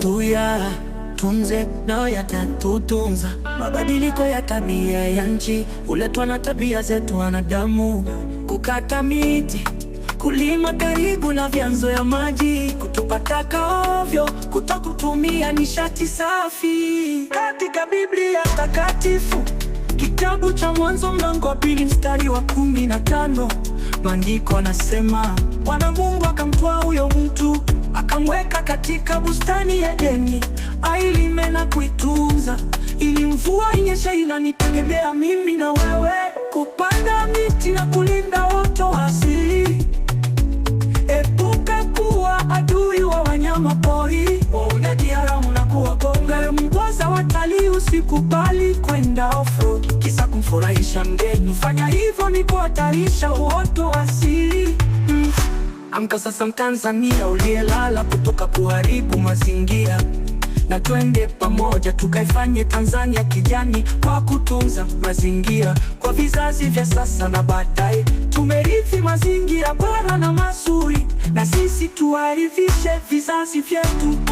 tuya tunze nao yatatutunza. Mabadiliko ya tabia ya nchi huletwa na tabia zetu wanadamu: kukata miti, kulima karibu na vyanzo ya maji, kutupa taka ovyo, kutokutumia nishati safi. Katika Biblia Takatifu, kitabu cha Mwanzo mlango wa pili mstari wa kumi na tano maandiko anasema Bwana Mungu akamtwaa huyo mtu Nikamweka katika bustani ya Edeni, ailime na kuitunza, ili mvua inyeshe inanitegemea mimi na wewe, kupanda miti na kulinda uoto wa asili. Epuka kuwa adui wa wanyama pori, wauzaji haramu na kuwagonga mbwa za watalii. Usikubali kwenda off kisa kumfurahisha mgeni, fanya hivyo ni kuhatarisha uoto wa asili. Amka sasa Mtanzania uliyelala kutoka kuharibu mazingira, na twende pamoja tukaifanye Tanzania kijani, kwa kutunza mazingira kwa vizazi vya sasa na baadaye. Tumerithi mazingira bora na mazuri, na sisi tuwarithishe vizazi vyetu.